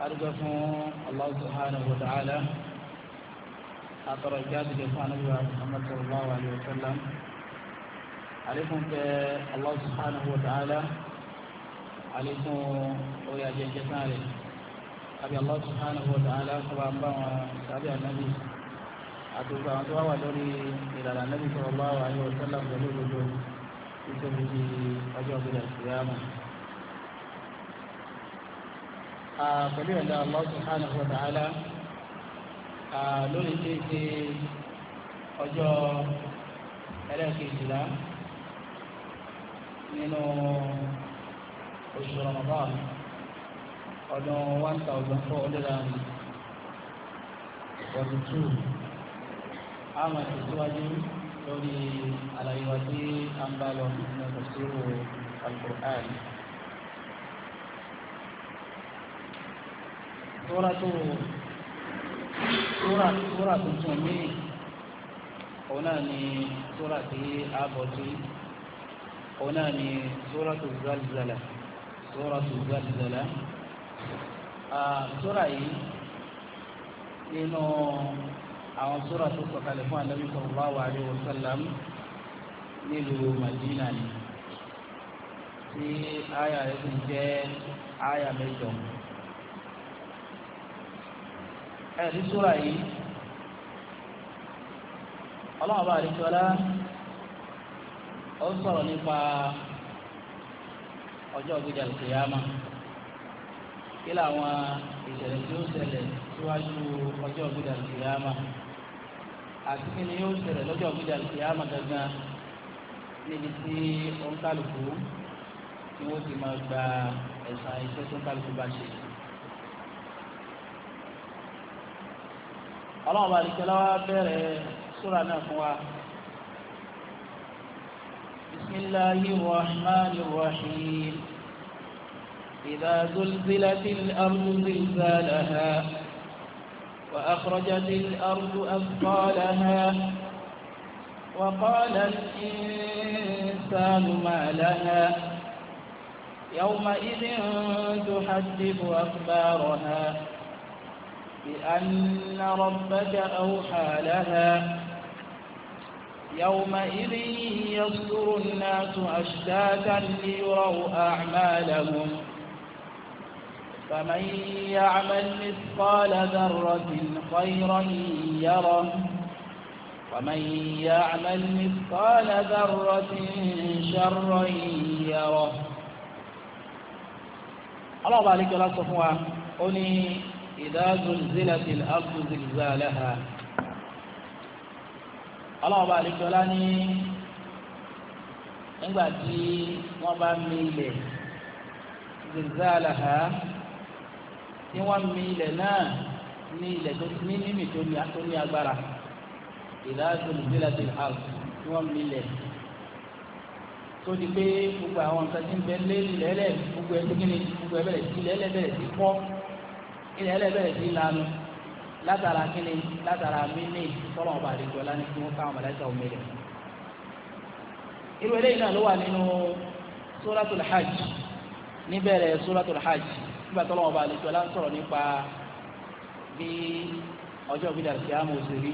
adúgbò fún Allahu subhanahu wa ta'ala àtọ̀rọ̀ ìjáde fún anábìyà Muhammad sallallahu alayhi wa sallam àlékún tẹ Allahu subhanahu wa ta'ala àlékún orí ajẹjẹ sáà rẹ̀ àbí Allah subhanahu wa ta'ala kọba ń bá wọn sábẹ ànábì àtúntò àwọn tó wá wà lórí sallallahu alaihi wa sallam pẹ̀lú òdodo nítorí ọjọ́ ìgbéra ìyá mọ pẹ̀lú ẹ̀dá Allah subhanahu wa ta'ala lórí tí ṣe ọjọ́ ẹlẹ́ẹ̀kejìlá nínú oṣù Ramadan ọdún one thousand four hundred forty two a máa tẹ̀síwájú lórí àlàyé wa tí a ń bá lọ nínú tafsiru al-Qur'an. sóra tó sóra sóra tuntun míì òun náà ni sóra tí a bọ̀ sí òun náà ni sóra tó zálzala sóra tó zálzala sóra yìí nínú àwọn sóra tó sọ̀kalẹ̀ fún Ànábì sallallahu alaihi wasallam nílùú Madina ni tí aya rẹ̀ ti jẹ́ aya mẹ́jọ ẹ̀rí súra yìí ọlọ́run bá rí jọlá ó sọ̀rọ̀ nípa ọjọ́ ìgbéjà ìkìyàmà kí làwọn ìṣẹ̀lẹ̀ tí ó ṣẹlẹ̀ síwájú ọjọ́ ìgbéjà ìkìyàmà àti kí ni yóò ṣẹlẹ̀ lọ́jọ́ ìgbéjà ìkìyàmà gangan níbi tí òǹkàlùkù tí wọ́n ti máa gba ẹ̀san iṣẹ́ tó ń kàlùkù bá ṣe yìí. بسم الله الرحمن الرحيم إذا زلزلت الأرض زلزالها وأخرجت الأرض أثقالها وقال الإنسان ما لها يومئذ تحدث أخبارها بأن ربك أوحى لها يومئذ يصدر الناس أشتاتا ليروا أعمالهم فمن يعمل مثقال ذرة خيرا يره ومن يعمل مثقال ذرة شرا يره الله عليك لا صفوة أني ìdá zulzilatil ardu zilzalaha ọlọ́ọ̀bá àlejòlá ní nígbà tí wọ́n bá mi ilẹ̀ zilzalaha tí wọ́n mi ilẹ̀ náà ní ilẹ̀ tó ní mímì tó ní agbára ìdá zulzilatil ardu tí wọ́n mi ilẹ̀ tó di pé gbogbo àwọn nǹkan tí ń bẹ lé lẹ́lẹ̀ gbogbo ẹ̀ tó kí ni gbogbo ẹ̀ bẹ̀rẹ̀ sí lẹ́lẹ̀ bẹ̀rẹ̀ sí kọ́. Kini ẹlẹ́bẹ̀rẹ̀ sí lanu látara latara mini mímì ọba àdìjọ lánàá kí wọ́n káwọn mọ̀lẹ́sà omi rẹ̀. irú eléyìí náà ló wà nínú suratul hajj níbẹ̀rẹ̀ suratul hajj nígbà tọ́lọ̀ ọba àdìjọ lánàá sọ̀rọ̀ nípa bí ọjọ́ ìbílẹ̀ àti àmọ́ òṣèré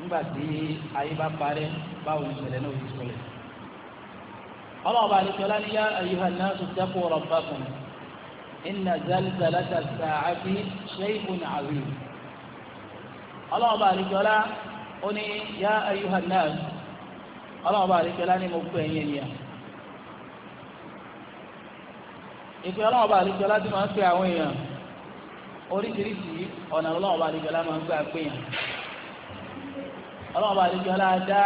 nígbà tí ayé bá parẹ́ báwo ni náà ti inna zalzalata sa'ati shay'un 'azim ọlọ́ọ̀bá àríkọ́lá ó ní yá onye ya ọlọ́ọ̀bá àríkọ́lá ní mo ìpè ọlọ́ọ̀bá àríkọ́lá tí máa ń pè àwọn èèyàn oríṣiríṣi ọ̀nà ọlọ́ọ̀bá àríkọ́lá máa ń pè yàn ọlọ́ọ̀bá àríkọ́lá dá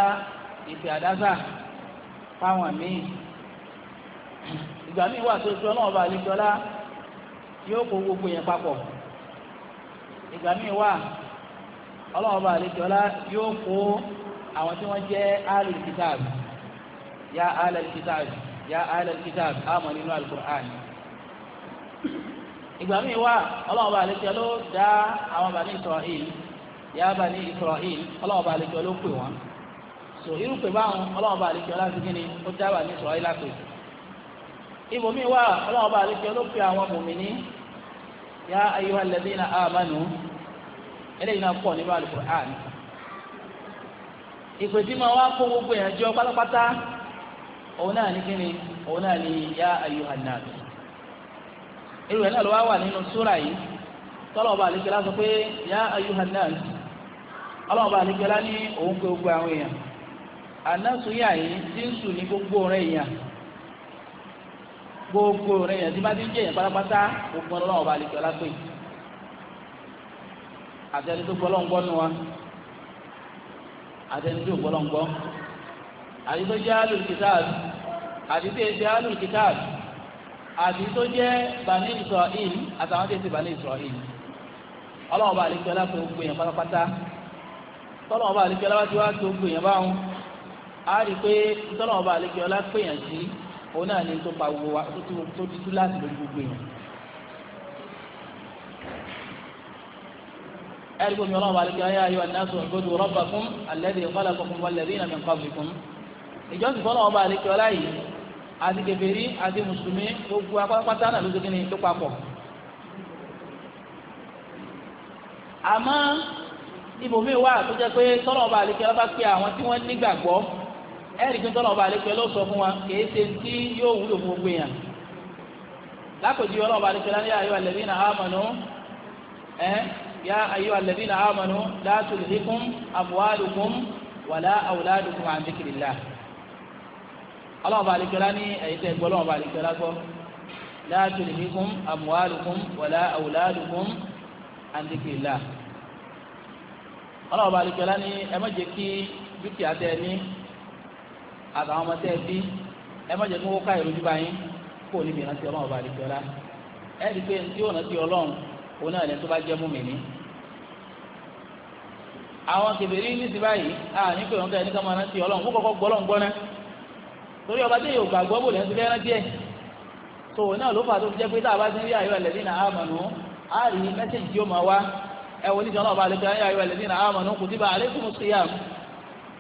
ìpè àdáṣà fáwọn míì ìgbà míì wà tó yóò kó gbogbo yẹn papọ̀ ìgbà míì wà ọlọ́run bá àlejò ọlá yóò kó àwọn tí wọ́n jẹ́ alul kitab ya alul kitab ya alul kitab àmọ́ nínú alukur'an ìgbà míì wà ọlọ́run bá àlejò ló dá àwọn bani Isra'il ya bani Isra'il ọlọ́run bá àlejò ló pè wọ́n so irúfẹ́ báwọn ọlọ́run bá àlejò ọlá ti kí ni ó dá bani Isra'il lápè. ibòmí wà ọlọ́wọ́ bá àlejò ló pe àwọn mòmìnì yá ayyuhal ladhina amanu eléyìí náà pọ̀ nínú Al-Qur'an ìpè tí máa wá kó gbogbo èèyàn jọ pátápátá òun náà ní kíni òun náà ní yá ayyuhan nas irú ẹ̀ náà ló wá wà nínú súrà yìí tọ́lọ̀ bá lásán pé gbogbo rẹ̀ yẹn tí bá ti ń jẹ́ pátápátá òkun ọlọ́run ọba àlejò alápè àtẹni tó gbọ́lọ́ ń gbọ́ nu wa àtẹni tó gbọ́lọ́ ń gbọ́ àti tó jẹ́ alùkìtàd àti tó jẹ́ alùkìtàd àti tó jẹ́ bani Israel àtàwọn tó ọba àlejò gbogbo yẹn pátápátá àlejò tó gbogbo yẹn báwọn rí i pé àlejò yẹn sí. òun náà ni tó pa wo wa tó ti tú láti lórí gbogbo èèyàn. ẹ̀ríkò mi ọlọ́run àlejò ayé ayé an-nasu u'budu rabbakum alladhi khalaqakum walladhina min qablikum. ìjọsìn fọlọ́ ọba àlejò ọláyìí àti kèfèrí àti mùsùlùmí gbogbo apátápátá náà ló ti kíni tó papọ̀. àmọ́ ibòmíì wà tó jẹ́ pé tọ́lọ́ ọba àlejò ọlá bá pé àwọn tí wọ́n nígbàgbọ́ ẹ̀rí pé tọ́lọ̀ ọba àlejò ló sọ fún wa kìí ṣe tí yóò wúlò fún gbogbo èèyàn lákòjú ọlọ́ọ̀ba àlejò lá yá ayyuhal ladhina amanu ẹ̀ yá ayyuhal ladhina amanu la tulhikum amwalukum wala awladukum an dhikrillah ọlọ́ọ̀ba àlejò lá ní ẹ̀yìn tẹ́ gbọ́ ọlọ́ọ̀ba àlejò lá gbọ́ la tulhikum amwalukum wala awladukum ẹ má jẹ́ kí dúkìá tẹ́ ní àtàwọn ọmọ tẹ ẹ bí ẹ má jẹ kí wọn ká ìrújú bá yín kó o níbi ìrántí Ọlọ́run ọba àdìsí ọlá ẹ rí i pé tí yóò rántí Ọlọ́run òun náà lẹ tó bá jẹ mú mi ní. àwọn kèbèrè ní ti báyìí a ní pé wọn ká ẹni ká máa rántí Ọlọ́run fún kọ́kọ́ gbọ́ Ọlọ́run gbọ́ torí ọba tí yóò gbàgbọ́ bò lẹ́nu ti fẹ́ rántí ẹ̀ tó náà ló fà tó fi jẹ́ pé tá a bá ti ń rí àyọ̀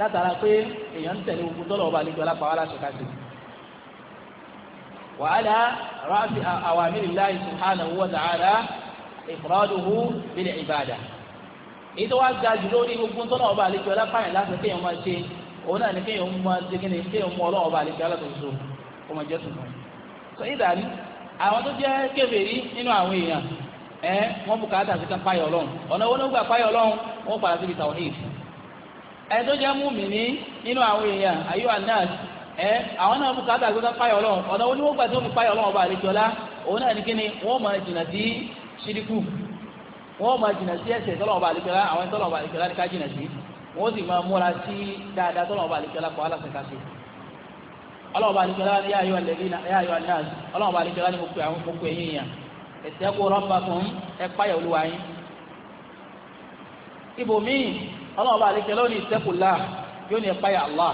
látara pé èèyàn ń tẹ̀lé gbogbo tọ́lọ̀ ọba àlejò alápàá aláṣẹ káṣí. wàhálà rásì awamirillahi subhanahu wa ta'ala ifraduhu bil ibada. èyí tó wá ga jù lórí gbogbo tọ́lọ̀ ọba àlejò alápàá láti kéèyàn máa ṣe òun náà ni kéèyàn máa ṣe kí ni kéèyàn mú ọlọ́wọ́ ọba àlejò aláṣọ kó máa jẹ́ tuntun. sọ ìdàrí àwọn tó jẹ́ kèfèrí nínú àwọn èèyàn ẹ wọ́n bùkátà sí ẹni tó jẹ́ mùmínì nínú àwọn èèyàn ayé wa náà ẹ àwọn náà mú káàtà gbọ́dọ̀ páyọ̀ ọlọ́run ọ̀nà wọn tó mú páyọ̀ ọlọ́run ọba àlejòlá òun náà ní kíni wọ́n máa jìnà sí ṣídíkù wọ́n máa jìnà sí ẹ̀ṣẹ̀ tọ́lọ̀ ọba àwọn tọ́lọ̀ ọba ní ká jìnà sí wọ́n sì si ọlọ́run bá àlejò lónìí ìsẹ́kùlá yóò ní ẹ̀páyà Allah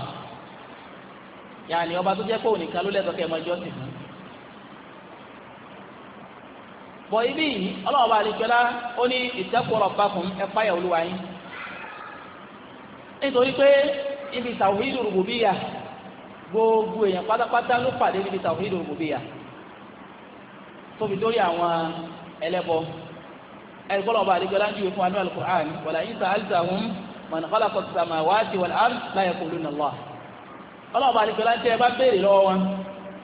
Yaani ọba tó jẹ́ pé òun nìkan ló lẹ́tọ̀ọ́ kẹ́ ẹ máa jọ́sìn fún. bọ̀ ibi yìí ọlọ́run bá àlejò lá ó ní ìsẹ́kùlọ̀ bá fún ẹ̀páyà olúwa yín nítorí pé ibi tàwíìdù rùbùbíyà gbogbo èèyàn pátápátá ló pàdé níbi tàwíìdù rùbùbíyà tóbi lórí àwọn ẹlẹ́bọ ẹ̀kọ́ lọ́ba àlejò ń fún anú man khalaqa as-samawati wal-ard la yaquluna Allah ọlọ́ọ̀bá àti pẹ̀lú àti ẹ bá béèrè lọ́wọ́ wọn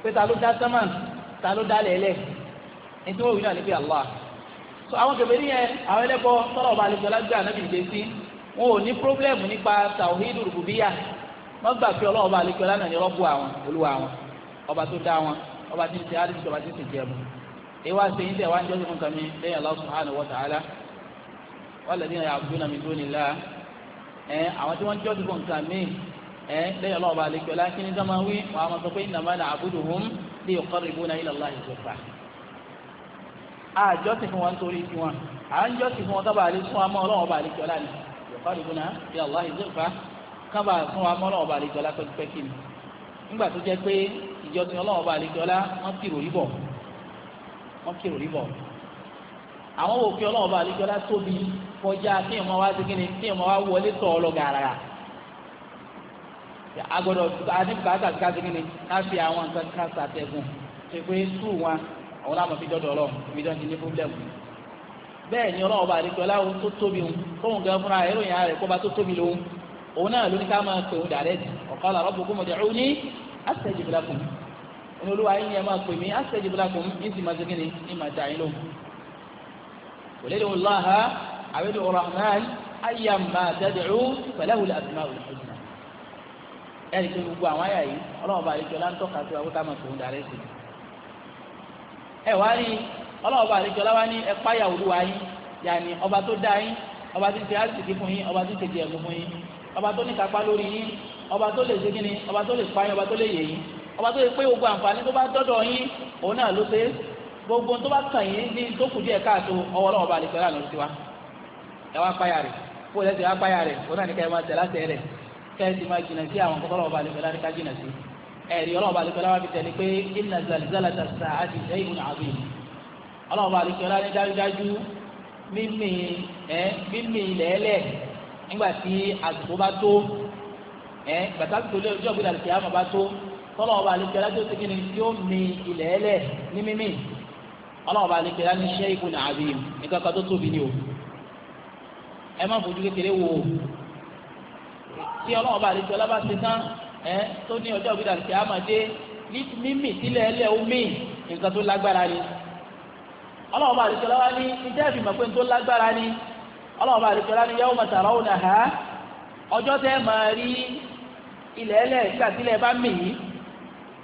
pé ta ló dá sánmà ta ló dá lẹ́lẹ̀ ètò òwì náà ní pé Allah so àwọn kẹfẹ́rí yẹn àwọn ẹlẹ́bọ tọ́lọ̀ọ̀bá àti pẹ̀lú àti ànábì ìdè sí wọn ò ní pírọ́blẹ́mù nípa tawhid rububiyya wọ́n gbà pé ọlọ́ọ̀bá àti pẹ̀lú àná ni rọ́bù àwọn olúwa àwọn ọba tó dá ẹ àwọn tí wọ́n jọ́ amị nǹkan míì ọba lẹ́yìn ọlọ́wọ́ bá lẹ́kọ̀ọ́ láti ní sọ́mọ wí wọ́n á máa sọ pé innama na'buduhum li yuqarribuna ila Allahi zulfa. àjọ ti fún wọn torí ti wọn àjọ ti fún wọn fún mọ́ fún mọ́ àwọn wò kí ọlọ́wọ́n bá tóbi kọjá kí ọmọ wa segin ni kí ọmọ wọlé tọ̀ ọ lọ gàràgà agbọ́dọ̀ adébùkátà ká segin ni ká fi àwọn nǹkan ká sàtẹ̀gùn ṣe pé tú wọn àwọn làwọn fi dọ́dọ̀ ibi tí wọ́n ti ní bẹ́ẹ̀ ni bá tó tóbi òun tóun gan fúnra ẹ̀rọ yẹn rẹ̀ kó bá tó tóbi òun náà ló ní ká ولدعو الله أو ادعو الرحمن أيا ما تدعو فله الأسماء الحسنى ẹni tó gbogbo àwọn àyà yìí ọlọ́run bá àlejò ẹ wá rí ọlọ́run bá àlejò láwá ọba tó dá ọba tó ti àṣìkí ọba tó ti di ẹ̀gbọ́n ọba gbogbo tó bá kàn yín ní tó kù díẹ̀ káàtó ọwọ́ ọlọ́wọ́ bá lè fẹ́ lánàá tiwa ẹ wá páyà rẹ̀ kó o lẹ́sẹ̀ wá páyà rẹ̀ kó náà ní káyọ̀ máa tẹ̀ láti ẹ̀ rẹ̀ kẹ́ẹ̀sì máa jìnà sí àwọn kọ́kọ́ ọlọ́wọ́ bá lè fẹ́ lánàá ká jìnà sí ẹ̀rí ọlọ́wọ́ bá lè fẹ́ lánàá fi tẹ̀lé pé inna zalzalata sa'ati shay'un 'azim ọlọ́wọ́ bá lè fẹ́ lánàá dájúdájú mímì ẹ̀ mímì lẹ́lẹ̀ nígbà tí àsìkò bá tó ẹ̀ gbàtà tó lé ojú ọ̀gbìn àti àmọ̀ bá tó tọ́lọ́wọ́ bá lè fẹ́ lánàá tó ọlọ́run bá nìkẹ́ láti ṣe ikú ní àbíyàn nǹkan kan tó tóbi ni o ẹ má fojú kékeré wo o tí ọlọ́run bá nìkẹ́ ọlọ́ba ṣe tán ẹ tó ní ọjọ́ òbí dàrúkẹ́ àmàdé ní mímì sílẹ̀ ẹlẹ́ omi nǹkan tó lágbára ni ọlọ́run bá nìkẹ́ ọlọ́wà ní ìjẹ́ ìfìmọ̀ pé tó lágbára ni ọlọ́run bá nìkẹ́ ọlọ́ni yẹ́wò mọ̀tàrà òun àhá ọjọ́ tẹ́ máa rí ilẹ̀ ẹlẹ́ ìgbà sílẹ̀ bá mì yìí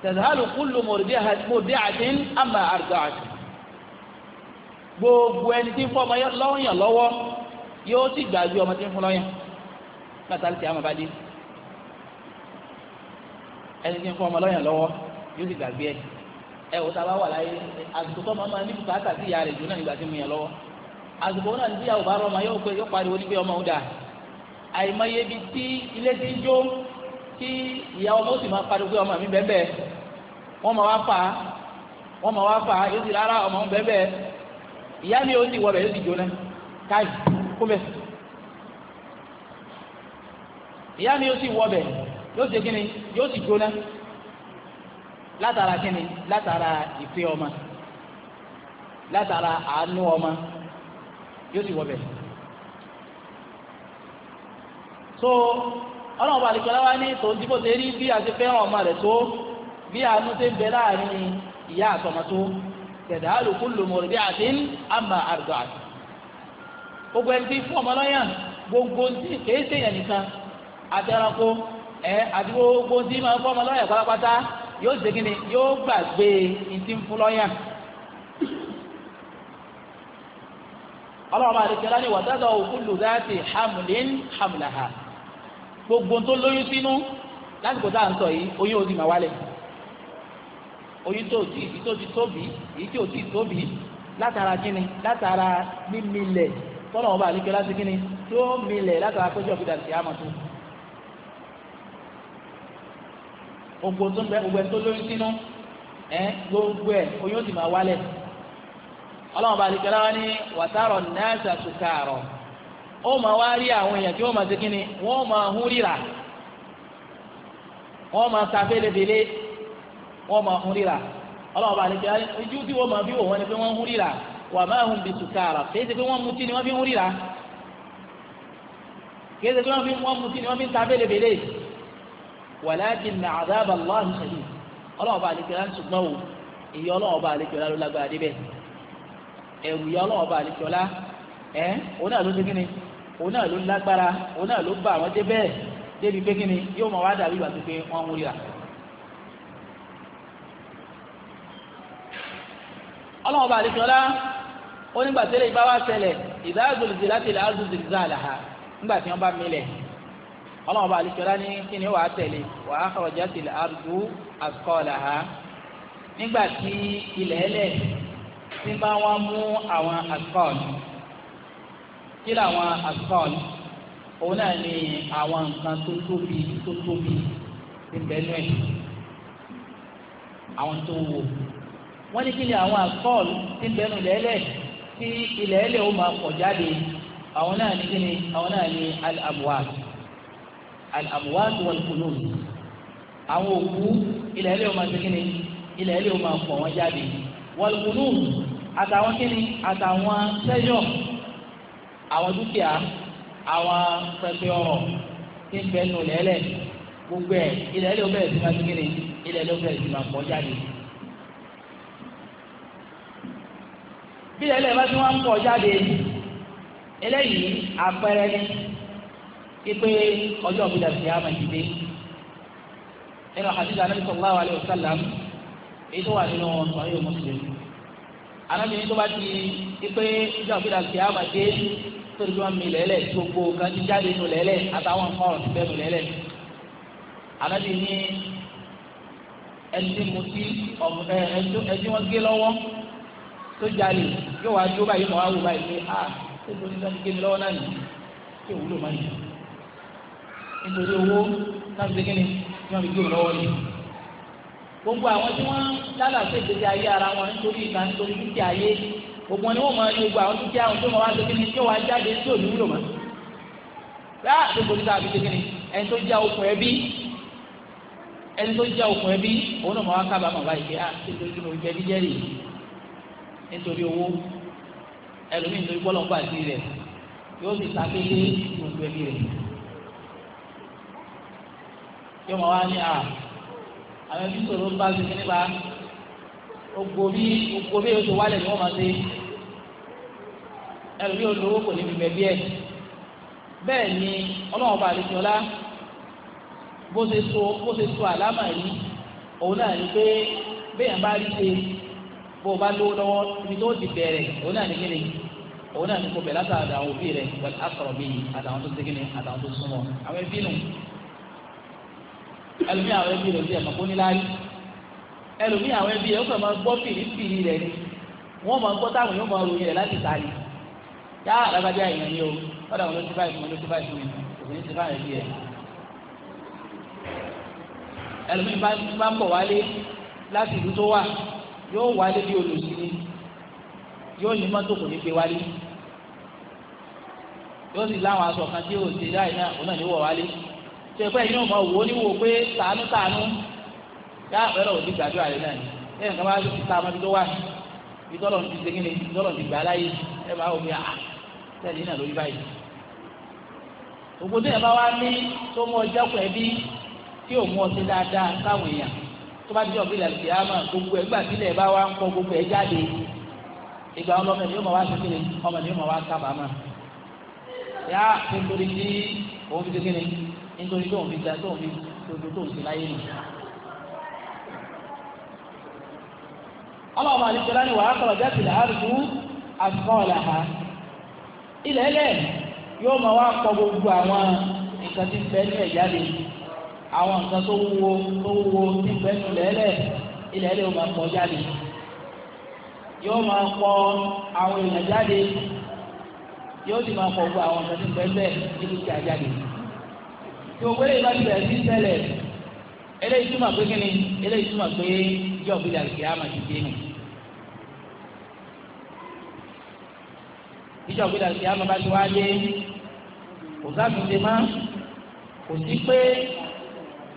tẹ̀sán gbogbo ẹni tí ń fọ ọmọ lọ́yàn lọ́wọ́ yóò sì gbàgbé ọmọ tí ń fún lọ́yàn a bá dé ẹni tí ń ọmọ lọ́yàn lọ́wọ́ yóò sì gbàgbé ẹ a bá wà láyé sí ìyá jù náà nígbà tí lọ́wọ́ yóò ọmọ dà àìmọye bi tí ilé ti ń jó tí ọmọ máa ọmọ mi bẹ́ẹ̀ bẹ́ẹ̀ wọ́n máa wá fà yóò sì rárá ọmọ ìyá ni ó sì wọ bẹ̀ yóò sì jóná káì kú bẹ̀ ìyá ni ó sì wọ bẹ̀ yóò sì kíni yóò sì jóná látara kíni látara ìfẹ́ ọmọ látara so ọlọ́run bá lè kọ́lá ní tòun tí kò ṣe rí bí a ti fẹ́ràn ọmọ rẹ̀ tó bí àánú ṣe ń bẹ láàrin ìyá àtọmọ tẹ̀dáàlù kúlù mọ̀rẹ́bí àti àmà àrùdọ̀ àti. gbogbo ẹni tí fún ọmọ lọ́yàn gbogbo tí kèé sèyàn nìkan àti ẹranko ẹ àti gbogbo tí máa fún ọmọ lọ́yàn pátápátá yóò segin ni yóò gbàgbé ìtì fún lọ́yàn. ọlọ́run àdìkẹ́lá ni wàtàdà òkúlù dáàtì hamlin hamlaha gbogbo tó lóyún sínú lásìkò tá à ń sọ yìí oyún ò oyún tó ti èyí tó ti tóbi èyí tí ò ti tóbi látara kíni látara mímilẹ̀ tọ́nà ọba àlejò láti kíni tí ó milẹ̀ látara péjọ fi dàtí àmọ̀tó. gbogbo tó ń bẹ gbogbo ẹ tó lóyún sínú ẹ gbogbo ẹ oyún ti máa wálẹ̀ ọlọ́run bá àlejò láwa ní wàtárọ̀ náà ṣàtúkàrọ̀ ó máa wá rí àwọn èèyàn tí wọ́n máa ṣe kíni wọ́n máa hún ríra wọ́n máa ta fẹ́lẹ́fẹ́lẹ́ wọ́n máa hún ríra ọlọ́wọ́ bá àlejò ojú tí wọ́n máa fi wò wọ́n ni pé wọ́n hún ríra wà máa hun bí sùkàrà kìí ṣe pé wọ́n mutí ni wọ́n fi hún ríra kìí ṣe pé wọ́n fi wọ́n mutí ni wọ́n fi ń ta bélebèlè wàlákin na àdáàbà lọ́hùn ṣẹlẹ̀ ọlọ́wọ́ bá àlejò ọlá ń ṣùgbọ́n o ìyá ọlọ́wọ́ bá àlejò ọlá ló lágbára débẹ̀ ẹ̀rù ìyá ọlọ́wọ́ bá àlejò ọlá ẹ̀ òun náà ló ṣe kíni òun náà ló lágbára ọlọ́wọ́n bá àlejò ọlá ó nígbà tẹ́lẹ̀ ìbá wá ṣẹlẹ̀ ìdáàzòlùsì láti ilẹ̀ azùzìlì zàlà ha nígbà tí wọ́n bá mílẹ̀ ọlọ́wọ́n bá àlejò ọlá ní kí ni wàá tẹ̀lé wàá kọ̀ọ̀jà ti ilẹ̀ ardu àkọọ̀là ha nígbà tí ilẹ̀ ẹlẹ̀ ti bá wọn mú àwọn àkọọ̀lù kí làwọn àkọọ̀lù òun náà ni àwọn nǹkan tó tóbi tó tóbi ti bẹ́ẹ̀ nú àwọn tó wò wọ́n ní kí ni àwọn àkọ́ọ̀l tí ń bẹnu lẹ́lẹ̀ tí ilẹ̀ ẹlẹ̀ ó máa pọ̀ jáde àwọn náà ní kí ni àwọn náà ní al-amwat al-amwat wal-qulub àwọn òkú ilẹ̀ ẹlẹ̀ ó máa ṣe kí ni ilẹ̀ ẹlẹ̀ ó máa pọ̀ wọ́n jáde wal-qulub àtàwọn kí ni àtàwọn sẹ́yọ̀ àwọn dúkìá àwọn pẹpẹ ọrọ̀ tí bẹnu lẹ́lẹ̀ gbogbo ẹ̀ ilẹ̀ ẹlẹ̀ ó bẹ̀rẹ̀ sí máa ṣe kí ni ilẹ̀ ẹlẹ̀ ó bẹ̀rẹ̀ sí máa pọ̀ jáde. bí ẹlẹ́yìn bá ti wọ́n ń pọ̀ jáde eléyìí àpẹẹrẹ ní ipe ọjọ́ òbí dàbí àmà ìdílé nínú àdìsí anábì sallallahu alaihi wasallam èyí tó wà nínú sọ̀rọ̀ mùsùlùmí anábì ní tó bá ti ipe ọjọ́ òbí dàbí àmà dé tó dúró mi lẹ́lẹ̀ gbogbo kan ti jáde nù lẹ́lẹ̀ àtàwọn nǹkan ọ̀rọ̀ ti bẹ́ẹ̀ nù lẹ́lẹ̀ anábì ní ẹni tí mo ti ẹni tí wọ́n gé lọ́wọ́ tó jalè yóò wá dúró báyìí mọ̀ wá wò báyìí pé a ah, ṣé tó ní sọ́ni gé mi lọ́wọ́ náà nì kí òwúlò má nì nítorí owó náà ṣe kíni tí wọ́n fi gé mi lọ́wọ́ ni. gbogbo àwọn tí wọ́n lálà sí ìgbésí ayé ara wọn nítorí ìta nítorí dúkìá ayé gbogbo wọn ni wọ́n máa ní gbogbo àwọn dúkìá àwọn tó máa wá ṣe kíni tí wọ́n á jáde tí òní wúlò mọ́. bá a ṣe polisi àbí ṣe kíni ẹni tó já okùn ẹbí ẹni tó já okùn ẹbí òun náà máa wá kábàámọ̀ báyìí pé a ṣe tó nítorí owó ẹlòmíì nítorí bọ́lọ̀ gbà sí rẹ̀ yóò sì ta kéde gbogbo ẹbí rẹ̀ yóò máa wá ní à àwọn ẹbí sọ̀rọ̀ bá ṣe kí nípa gbogbo bí gbogbo bí yóò ṣe wálẹ̀ ni wọ́n máa ṣe ẹlòmíì olówó kò ní bíbẹ̀ bí ẹ̀ bẹ́ẹ̀ ni ọlọ́run bá àlejò ọlá bó ṣe so bó ṣe so àlámà yìí òun náà ni pé bẹ́ẹ̀ bá rí ṣe bó o bá lówó lọ́wọ́ ibi tó ti bẹ̀rẹ̀ òun náà ní kíni òun náà ní kó bẹ̀rẹ̀ láti àdá òbí rẹ̀ wọ́n á sọ̀rọ̀ bíi àtàwọn tó ṣe kíni àtàwọn tó súnmọ́ àwọn ẹbí nù ẹlòmíì àwọn ẹbí rẹ̀ ti ẹ̀ mọ̀kó níláárí ẹlòmíì àwọn ẹbí rẹ̀ ó fẹ́ máa gbọ́ fìrífìrí rẹ̀ ni wọ́n máa gbọ́ táwọn yóò máa ròyìn rẹ̀ láti tààrí yá alágbájá èèyàn ni o ọ̀dà wọn ló ti báyìí fún mi ló ti báyìí fún mi òfin ti báyìí bí ẹ̀. ẹlòmíì bá ń láti ìlú tó wà yóò wálé bí olùsíní yóò ní mọ́tò kò ní gbé wálé yóò sì láwọn aṣọ kan tí yóò ṣe láì náà òun náà ní wọ̀ wálé ṣe pé ẹ̀yin náà mọ̀ wò ó níwò pé tàánú tàánú yá ẹ̀rọ òdì gbàdúrà rẹ̀ náà ni ẹ̀yìn kan bá ti ta ọmọdé tó wà ní tọ́lọ̀ ti ṣe kí ni tọ́lọ̀ ti gbà láyé ẹ̀ máa wọ̀ pé à ah, tẹ̀lé náà lórí báyìí òkú tí ẹ̀ bá wá ní tó mú ọjọ́ pẹ̀ bí tí ò mú ọtí dáadáa sáwọn èèyàn tó bá jẹ́ ọ̀gbìn làlùkì àmà gbogbo ẹ̀ gbà sílẹ̀ bá wa ń kọ́ gbogbo ẹ̀ jáde ìgbà ọlọ́mọ ni yóò máa wá kékeré ọmọ ni yóò máa wá kábàámà yá nítorí tí òun fi kékeré nítorí tó òun fi da tó òun ha ilẹ̀ ẹlẹ́ yóò máa wá gbogbo àwọn nǹkan àwọn nǹkan tó wúwo tó wúwo ní pẹ̀lú lẹ́lẹ̀ ilẹ̀ lè máa pọ̀ jáde yóò máa pọ̀ àwọn èèyàn jáde yóò sì máa pọ̀ gbọ́ àwọn nǹkan tó ń pẹ́ẹ́lẹ̀ nínú ìjà jáde tí o wẹ́lẹ̀ bá tilẹ̀ sí ṣẹlẹ̀ eléyìí túmọ̀ pé kíni eléyìí túmọ̀ pé ìjọ òbílẹ̀ àlùkìyàmà ti dé nù. ìjọ òbílẹ̀ àlùkìyàmà bá ti wá dé kò sáà tún ṣe má kò sí pé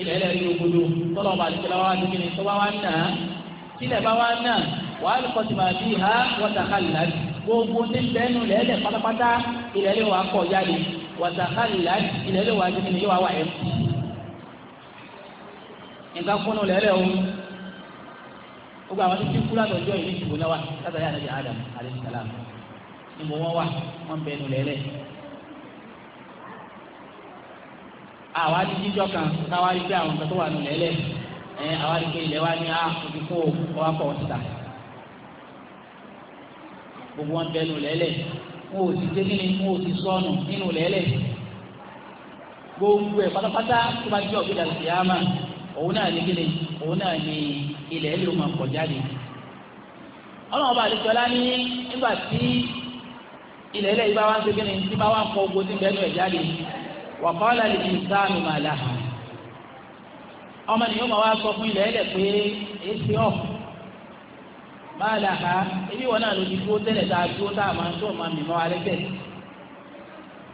ilẹ̀ ilẹ̀ rí ogodo tọ́lọ̀ bá dìgbà wá dìgbà ní tọ́ba wá nà á tilẹ̀ bá wá nà wàá lùkọ́ ti bá bí ha wọ́tàkàlá gbogbo ní bẹ́ẹ̀nu lẹ́lẹ̀ pátápátá ilẹ̀ ilẹ̀ wà kọ̀ jáde wọ́tàkàlá ilẹ̀ ilẹ̀ wà dìgbà ní yóò wá wà ẹ̀ nǹkan kúnnù lẹ́lẹ̀ o gbogbo àwọn títí kú látọjọ́ ìlú ìdìbò náà wà látàrí àlejò Adam alayhi salam ni mo àwa ní jíjọ kan káwa rí pé àwọn nǹkan tó wà nù lẹ́lẹ̀ ẹ àwa rí pé ilẹ̀ wa ní àkójú ah, kó ọwọ́ pọ̀ síta gbogbo wọn bẹnu lẹ́lẹ̀ wọn ò sì dé kíni wọn ò sì sọnù nínú lẹ́lẹ̀ gbogbo ẹ̀ pátápátá tó bá jẹ́ ọ̀gbẹ́dà sí àmà òun náà ní kíni òun náà ní ilẹ̀ ló máa pọ̀ jáde ọlọ́run bá àdìsọ́ lá ní nígbà tí ilẹ̀ ẹ̀ lẹ́yìn bá wá ń ṣe kíni tí bá wá ń pọ̀ ogun tí bẹ́ẹ̀ wa qala al-insanu ma laha ọmọ nìyẹn máa wá sọ fún ilẹ̀ ẹlẹ̀ pé èsì ọ̀ ma laha ebi wọn náà ló ti dúró tẹ́lẹ̀ tá a dúró tá a máa ń tó máa mìíràn alẹ́ tẹ̀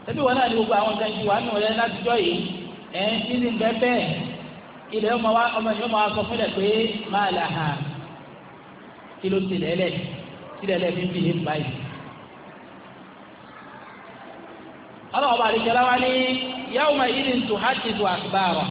ebi wọn náà ni gbogbo àwọn kan ti wà nù rẹ látijọ́ yìí ẹ nínú bẹ́ẹ̀ bẹ́ẹ̀ ilẹ̀ ọmọ wa ọmọ ìyọ́ máa sọ fúnlẹ̀ pé máa là kí ló tilẹ̀ lẹ̀ tilẹ̀ lẹ̀ fi fi lè báyìí. ọlọ́wọ́ bá àdìsẹ́lá wa ní yawma idin tuhaddisu akhbara